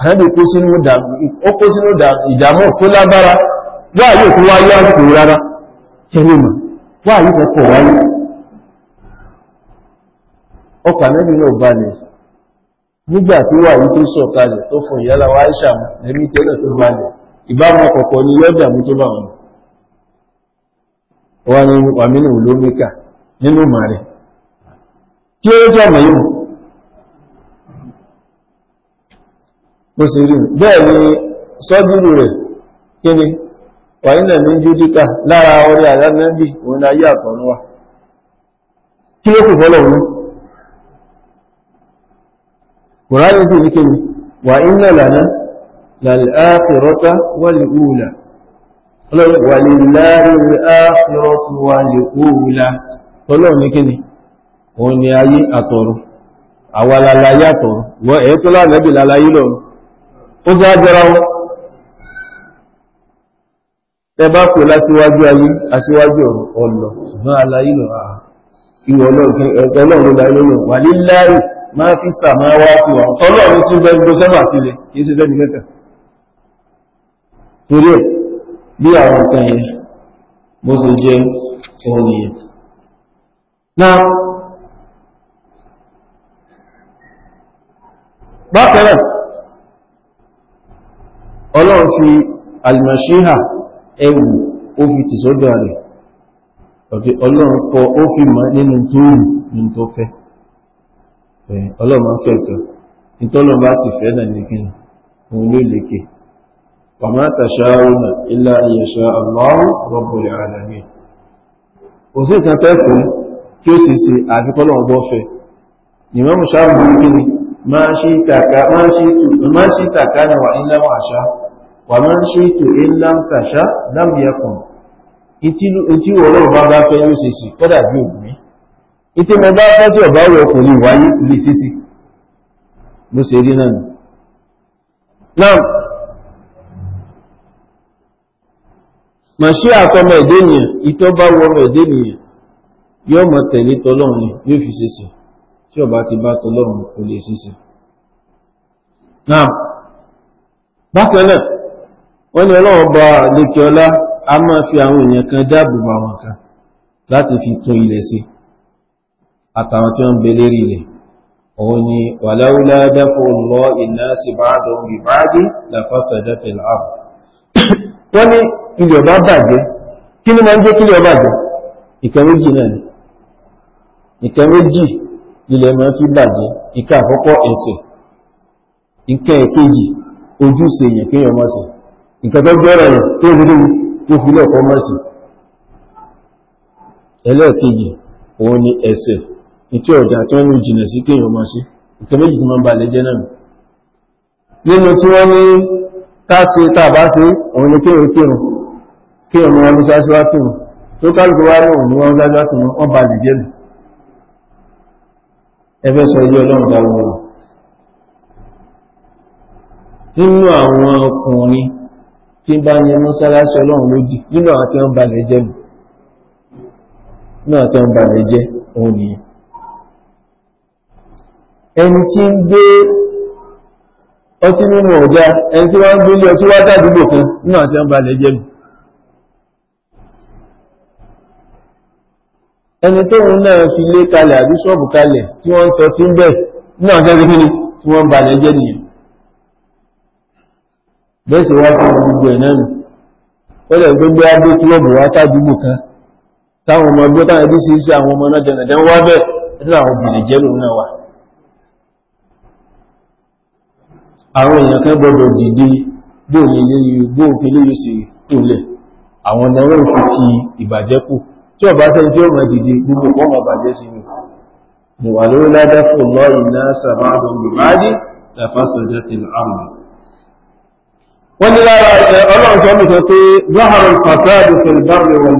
àrẹ́bì kó sínú labara tó lágbára wà yóò kó wáyé àkùkù rárá kẹlìmà wà yóò kọ́kọ́ wáyé ọkà àrẹ́bì náà balẹ̀ nígbà tí wà yóò tó sọ kalẹ̀ tó fún ìyálà wa Aisha ẹ̀mí tẹ́lẹ̀ bó ṣe rí bẹ́ẹ̀ ni sọ́júrù rẹ̀ kí ni wàyínà ní júdíkà lára orí àdánẹ́bì òun ayé àtọ̀run wa kí ló kù fọ́lọ̀ wọn kùránì sì ní kíni wàyínà lànà làlẹ́àkìrọ́ta wàlìúùlà wàlìláàrìláàkìrọ́tù wàlìúùlà fọ́lọ̀ ní kíni òun ni ayé àtọ̀run àwa lálàyé àtọ̀run wọ́n ẹ̀ẹ́ tó lánàbì lálàyé ó fẹ́ ebe wọn tẹ anyị asiwaju ọlọ ṣùgbọ́n aláyé lọ àà ah, ìwọ̀ ọlọ́run láyé lọ wà níláàrí máa fi sàmáwá fi wà tọ́lọ́run tún bẹ́ gbọ́ sẹ́mà sílẹ̀ kìí sí lẹ́nu mẹ́ta torí ẹ̀ bí àwọn nǹkan yẹn bákan náà ọlọ́run fi alìmọ̀ṣíhà ẹwù ó fi tì sọ́dọ̀ rẹ̀ ọ̀fẹ́ ọlọ́run kọ ó fi mọ́ nínú tó wù ní tó fẹ́ ọlọ́run fẹ́ kan nítọ́lọ́run bá sì fẹ́ náà nìkan òun ló lékè wàmá tàṣàrùnà ilá ìyẹ̀ṣà Allahu Rabbul Alamin kò sí ìkan fẹ́ fún kí ó sì ṣe àfikọ́lọ́run bọ́ fẹ́ ìmọ̀mù kí ni máa ṣí tàkà ni wà ní lẹ́wọ̀n àṣà wàmọ́ ń ṣe ètò ilá ń kàṣá lámìyàkùn etí ọlọ́run bá bá fẹ́ yóò ṣe sí kọ́dà bí òbí ìtí mo bá fẹ́ tí ọ̀bá rẹ̀ kò lè wáyé lè sí sí ló ṣe rí náà náà mà ṣe àtọmọ ẹ̀dẹ́ nìyàn ìtọ́ bá wọ ọmọ ẹ̀dẹ́ nìyàn yóò mọ tẹ̀lé tọlọ́run yóò fi ṣe sí tí ọba ti bá tọlọ́run kò lè ṣe sí náà bákan náà wọ́n ní ọlọ́wọ́ bá lékè ọlá a máa fi àwọn èèyàn kan dáàbò bá wọn kan láti fi tún ilẹ̀ sí àtàwọn tí wọ́n ń bẹ lérí ilẹ̀ òun ni wàláwúlá dáfò lọ iná sí bá dùn ìbáàdì làfàṣàdá tẹ̀lé ààbò wọ́n ní ilẹ̀ ọba bàjẹ́ kí ni máa ń jẹ́ kí ilẹ̀ ọba bàjẹ́ ìkẹ́ méjì náà ni ìkẹ́ méjì ilẹ̀ máa fi bàjẹ́ ìkẹ́ àkọ́kọ́ ẹ̀ṣẹ̀ ìkẹ́ ẹ̀kejì ojúṣe èèyàn kéèyàn má ṣe nǹkan tó gbọ́rọ̀ rẹ̀ tó rí rí tó fi lọ́pọ̀ mọ́ sí ẹlẹ́ẹ̀kejì òun ni ẹ̀ṣẹ̀ ìtí ọ̀dà tí wọ́n ní jìnà sí kéèyàn mọ́ sí nǹkan méjì tó máa ń balẹ̀ jẹ́ náà nínú tí wọ́n ní káṣe tàbá sí òun ni kéèyàn kéèyàn kéèyàn mọ́ wọn ní sáṣíwá kéèyàn tó kálùkù wá náà ní wọ́n sáṣíwá kéèyàn wọ́n balẹ̀ jẹ́ ẹfẹ́ sọ ilé ọlọ́run dáwọn nínú ọkùnrin tí ń bá yẹn mọ́sálásí ọlọ́run lódì nínú àwọn tí wọ́n balẹ̀ jẹ́ nù nínú àwọn tí wọ́n balẹ̀ jẹ́ òun nìyẹn ẹni tí ń gbé ọtí mímu ọ̀gá ẹni tí wọ́n ń gbé ilé ọtí wá sádùúgbò kan nínú àwọn tí wọ́n balẹ̀ jẹ́ nù ẹni tóun náà fi lé kalẹ̀ àbí ṣọ́ọ̀bù kalẹ̀ tí wọ́n ń tọ́ sí ń bẹ̀ nínú àwọn tí wọ́n ń balẹ̀ jẹ́ nìyẹn bẹ́ẹ̀ sì wá fún gbogbo ẹ̀ náà pẹ́lẹ̀ gbogbo agbé kílọ̀bù wá sájúgbò kan táwọn ọmọ ọgbọ́ táwọn ẹbí sí iṣẹ́ àwọn ọmọ náà dẹ̀nà dẹ́n wá bẹ́ẹ̀ nínú àwọn obìnrin jẹ́ lòun náà wà àwọn èèyàn kan gbọdọ̀ dìde bó ní ilé igbó òfin lórí sí tòlẹ̀ àwọn ọmọ ọ̀rọ̀ fi ti ìbàjẹ́ kù tí ọba sẹ́ni wọ́n ní lára ọlọ́run sọ pé zahara fasadu fil barri wal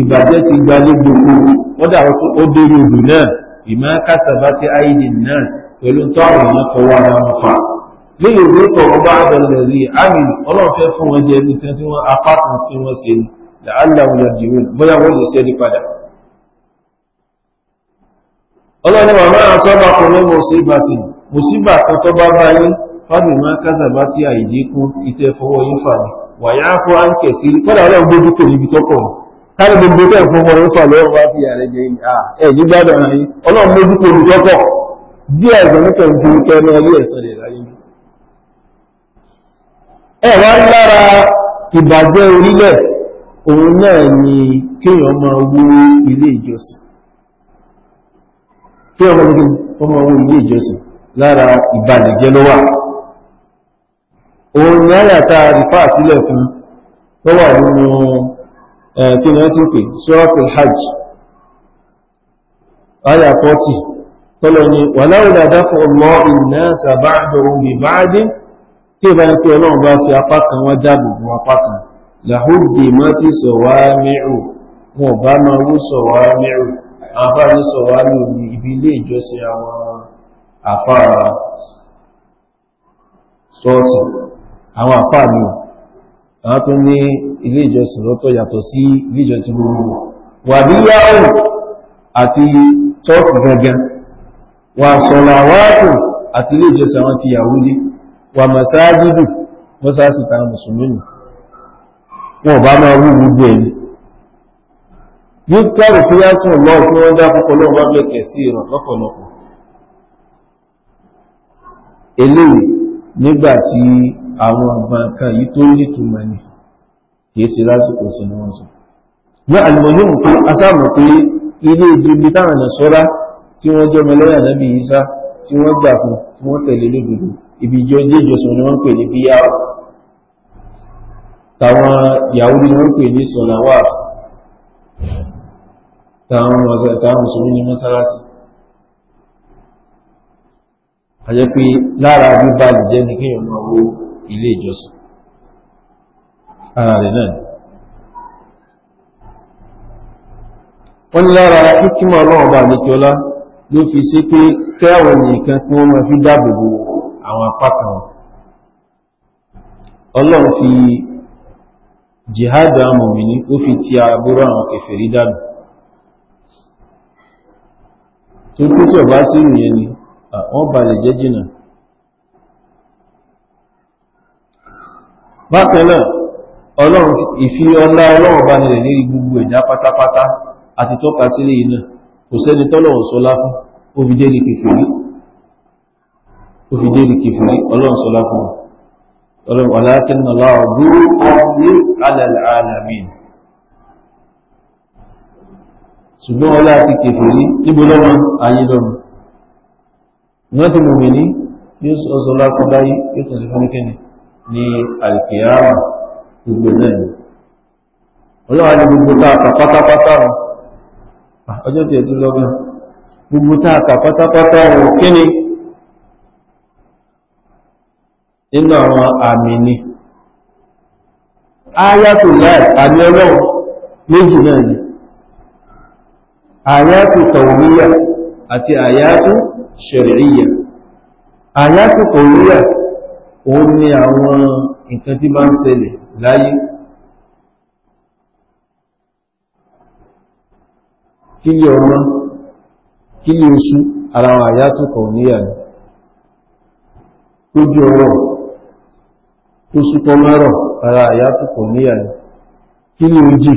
ìbàjẹ́ ti gba ní gbogbo wọ́n dà ó dórí odò náà ìmọ̀ kásàbá ti náà pẹ̀lú táwọn èèyàn wọn fà nínú ìwé rí àmì ọlọ́run fẹ́ fún wọn jẹ fábì máa kásà bá tí àìdí kún ìtẹ́ fọwọ́ yín fà ní wàyá fọ́ áńkẹ̀ sí kọ́dà ọlọ́run gbójú kò níbi tọ́pọ̀ káàdì gbogbo tẹ́ fọwọ́ yín fà lọ́wọ́ bá fi ààrẹ jẹ ẹ̀ nígbàdàn ara yín ọlọ́run gbójú kò níbi tọ́pọ̀ díẹ̀ ìgbọ̀nìkẹ̀ ń ju kẹ́ lọ ilé ẹ̀sán lè ráyé mi. ẹ wá lára ìbàjẹ́ orílẹ̀ òun náà ni kéèyàn máa wó ilé ìjọsìn kéèyàn máa wó ilé ìjọsìn lára ìbàjẹ́ ló òun ni àyàtà rìfà sílẹ̀ fún tó wà nínú kí ni wọ́n ti pè suratul hajj àyà 40 tọ́lọ ni walaula daf'ullahi nnasa ba'dahum bi ba'din tí ìbá ń pè ọlọ́run bá fi apá kan wọ́n dáàbò bu apá kan lahudimati sawami'u wọn bá máa wú sawami'u àbá ní sawami'u ní ibi ilé ìjọsìn àwọn àfáà sọ́ọ̀tì àwọn àfáà mi àwọn tó ní ilé ìjọsìn lọ́tọ̀ yàtọ̀ sí ilé ìjọsìn gbogbo wà ní yáò àti tọ́ọ̀sì gangan wà sọ̀lá wáàtò àti ilé ìjọsìn àwọn ti yàwúdí wà masáájídù mọ́sáàsì tàà mùsùlùmí wọn bá máa wú gbogbo ẹ̀mí yóò tẹ́rù fi yásùn lọ tí wọ́n dá púpọ̀ lọ́wọ́ bá bẹ̀kẹ̀ sí ìrọ̀ lọ́pọ̀lọpọ̀ eléyìí nígbà tí àwọn nǹkan kan yìí tó nítumọ̀ ni kìí ṣe lásìkò sí ni wọ́n sọ ní àlùmọ̀yún pé a sáàmù pé ilé ìdíbi táwọn ẹ̀nà sọ́ra tí wọ́n jọ mẹlẹ́yà nábì Ìsá tí wọ́n gbà fún tí wọ́n tẹ̀lé lódodo ibi ìjọ jẹ́jọsùn ni wọ́n pè ní bíyàwó tàwọn Yahudi ni wọ́n pè ní sọ̀làwà táwọn ọ̀sẹ̀ táwọn sọ̀rọ̀ ní mọ́sálásí pé lára bíbá lè jẹ́ ní kéèyàn máa wo ilé ìjọsìn ara rẹ̀ náà wọ́n ní lára kíkímọ̀ ọlọ́run bá ló fi sí pé kẹ́wọ̀n wọ́n máa fi dáàbòbò àwọn apáta wọn ọlọ́run fi jihad amòmìnì ó fi ti àbúrò àwọn kèfèrí dànù tó kú ọba sí ìrìn ẹni wọ́n balẹ̀ jẹ́ bákan náà ọlọ́run ìfi ọlá ọlọ́run bá nílẹ̀ lérí gbogbo ẹ̀dá pátápátá àti tọ́ka sílé iná kò sẹ́ni tọ́lọ̀run sọlá fún òfìdérí kìfìrí òfìdérí kìfìrí ọlọ́run sọlá fún ọlọ́run aláàkínà láàrùn dúró alẹ́ alamin ṣùgbọ́n ọlá àti kèfèrí níbo lọ́wọ́ ayé lọ́rùn wọ́n ti mọ̀mí ní yóò sọ́sọ́lá kọ́ láyé yóò tẹ̀sí fún kẹ́ni ní àìsíyáwà gbogbo náà ni ọlọ́wà ní gbogbo tá a kà pátápátá o ah, ọjọ́ tí ẹ ti lọ́gbọ́n gbogbo tá a kà pátápátá o kí ni nínú àwọn àmì ni áyàtò láì àmì ọlọ́run méjì náà ni àyàtò tàwíyà àti àyàtò ṣẹ̀ríyà àyàtò tàwíyà òun ni àwọn nǹkan tí bá ń ṣẹlẹ̀ láyé kí ní ọmọ kí ní oṣù ara àwọn àyátò kan níyà ní kójú ọrọ̀ oṣù kan márọ̀ ara àyátò kan níyà ní kí ní ojì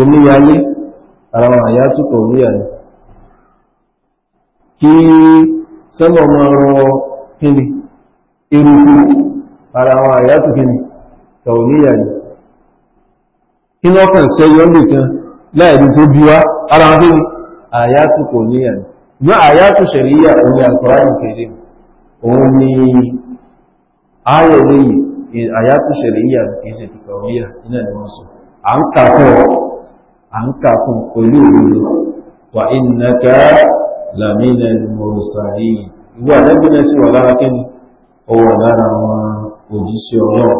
omíyalé ara àwọn àyátò kan níyà ní kí sọ́mọ̀ máa rọ kíni irú ara àwọn àyàtù kíni tàwọníyà ni kí ní ọkàn sẹ́yọ́ nìkan láìrí tó bí wá ara wọn kíni àyàtù kò níyà ni ṣùgbọ́n àyàtù ṣẹ̀ríyà òní àkọ́rá ìkẹrẹ òun ni ayẹ̀ lẹ́yìn àyàtù ṣẹ̀ríyà kìí ṣe ti iná ni wọ́n sọ à ń kà fún ọ à ń kà fún pẹ̀lú òdodo wà ìnàkà làmínà mọ̀rọ̀sàáyìn ìwé ànábì náà sì wà lára kíni ó wà lára àwọn òjíṣẹ́ ọlọ́run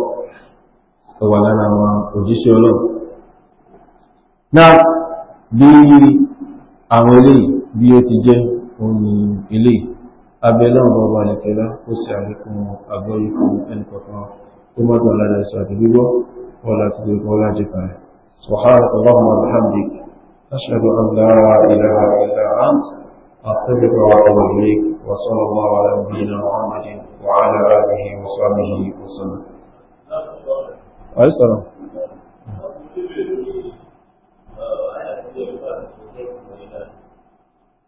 ó wà lára àwọn òjíṣẹ́ ọlọ́run náà bí àwọn eléyìí bí ó ti jẹ́ òun ni eléyìí abẹ́lẹ́ ọ̀rọ̀ ọba àlẹ́kẹ́lá ó sì àríkún agbóríkún ẹnìkọ̀kan ó mọ́tò aládàsọ àti gbígbọ́ ولا تدرك ولا جبال سبحانك اللهم وبحمدك أشهد أن لا إله إلا أنت أستغفر وأتوب إليك وصلى الله على نبينا محمد وعلى آله وصحبه وسلم. عليه السلام.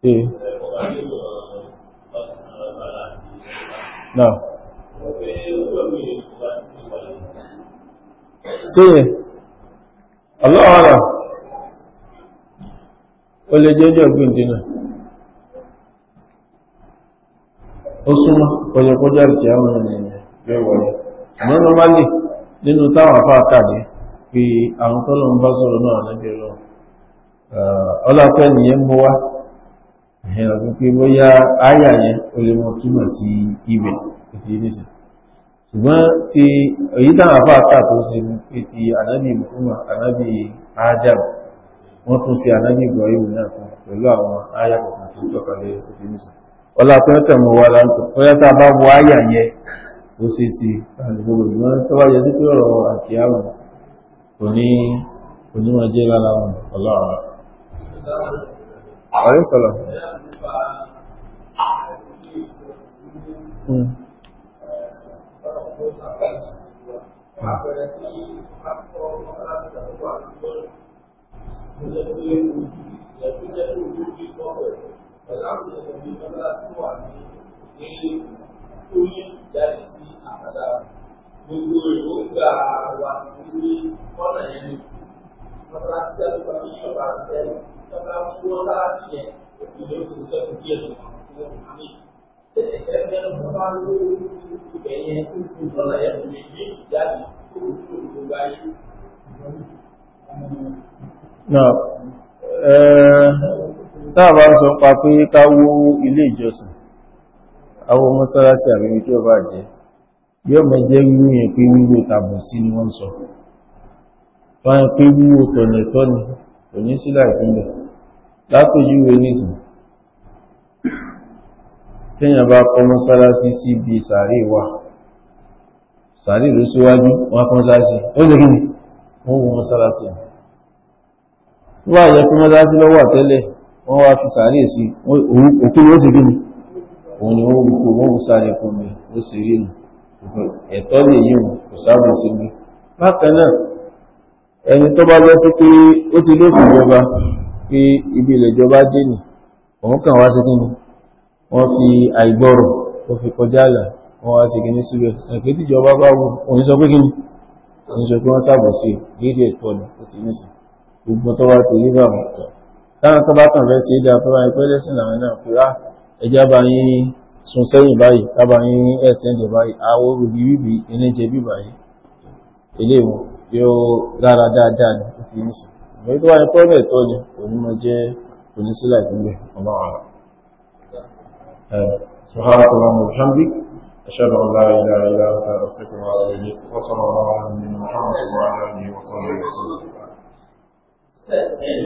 إيه. نعم. سيه الله أعلم. ولا جاء جاي بنتنا. ó súnmọ́ kọjọ kọjọ àti àwọn ènìyàn lẹ́wọ̀ọ́ àmọ́ normally nínú táwọn afá àkàdé pé àwọn tọ́lọ̀ ń bá sọ̀rọ̀ náà níbi lọ uh, ọlọ́pẹ́ nìyẹn mú wá ẹ̀yìn àti pé bóyá áyà yẹn ó lè mọ túmọ̀ sí ibẹ̀ ètí nísì ṣùgbọ́n ti èyí táwọn afá àkà tó ṣe pé ti ànábì ìbùkúmọ̀ ànábì ájàm wọ́n tún fi ànábì ìbùkúmọ̀ náà pẹ̀lú àwọn áyà kọ̀ọ̀kan tó tọ́ka lé ètí ọlọ́pẹ́ọ̀tọ̀ mú wa láńtọ̀ ọyọ́ta bá wọ áyà yẹ ó sì sí àìsòwògbọ́n tó wá yẹ sí pé ọ̀rọ̀ àti àwọn òní onímọ̀jẹ́ lára wọn ọlọ́run ọ̀rẹ́ sọ̀rọ̀ Thank hmm. ah. you pẹ̀lú àwọn ẹ̀mí mọ́sálásí wà ní tó ní ìjáde sí àkàdá gbogbo ìwọ́gbà wa ní ọ̀nà yẹn ní ti mọ́sálásí tẹ́lẹ̀ kan ní ọ̀bà tẹ́lẹ̀ tọ́ka fún mọ́sálásí yẹn ìlú kò sẹ́kù díẹ̀ tó máa fún ọmọ mi. ṣé ẹ̀fẹ́ mẹ́rin tó bá ló ibẹ̀ yẹn tó kù lọ́la yẹn kò lè gbé ìjáde tó kù tó kù báyìí. Now, uh, táàbá ń sọ pa pé ká wó ilé ìjọsìn àwọn mọ́sálásí àbíbi tí ó bá jẹ́ yóò mọ jẹ́ yẹn pé wíwó tàbọ̀ sí ni wọ́n sọ wọ́n pé wíwó tọ̀nà tọ́ni kò ní sílà ìpínlẹ̀ látòjúwe nìsín téèyàn bá kọ́ mọ́sálásí síbi sàárè wà sàárè ló síwájú wọn kọ́ mọ́sálásí ó sì kí ni wọ́n wọ mọ́sálásí wọ́n àyẹ̀kú mọ́sálásí lọ́wọ́ àtẹ́lẹ̀ wọ́n wá fi sàárè sí òkú ni ó ti gíní òun ni wọ́n gbogbo wọ́n kò sáré kó mi ó sì rí nù ẹ̀tọ́ lè yí wọn kò sábà sí mi bákan náà ẹni tó bá lọ sí pé ó ti lókè ìjọba pé ibi ilẹ̀ dé nì òun kàn wá sí kí ni wọ́n fi àìgbọ́rọ̀ ó fi kọjá àlà wọ́n wá sí kíní síbẹ̀ ẹ̀pẹ́ tíjọba bá wù òun sọ pé kí ni òun sọ pé wọ́n sábọ̀ sí i lédè ẹ̀tọ́ ni ó ti ní sí gbogbo tó wá ti rí bàbá táwọn tó bá kàn fẹ́ sí ìdá tó bá yẹ pé lẹ́sìn làwọn náà fi rá ẹjá bá yín sun sẹ́yìn báyìí tábà yín ẹ̀sìn ẹ̀dẹ̀ báyìí àwọn olùbí bíbí eléjẹ bíbà yìí ilé wọn yóò rárá dáadáa ní ti ń sìn ìwé tó wà ní pọ́ọ̀mù ẹ̀tọ́ ni onímọ̀ jẹ́ onísílà ìpínlẹ̀ ọmọ àwọn. أشهد أن لا إله إلا أنت أستغفرك وأتوب وصلى الله على نبينا محمد وعلى آله وصحبه وسلم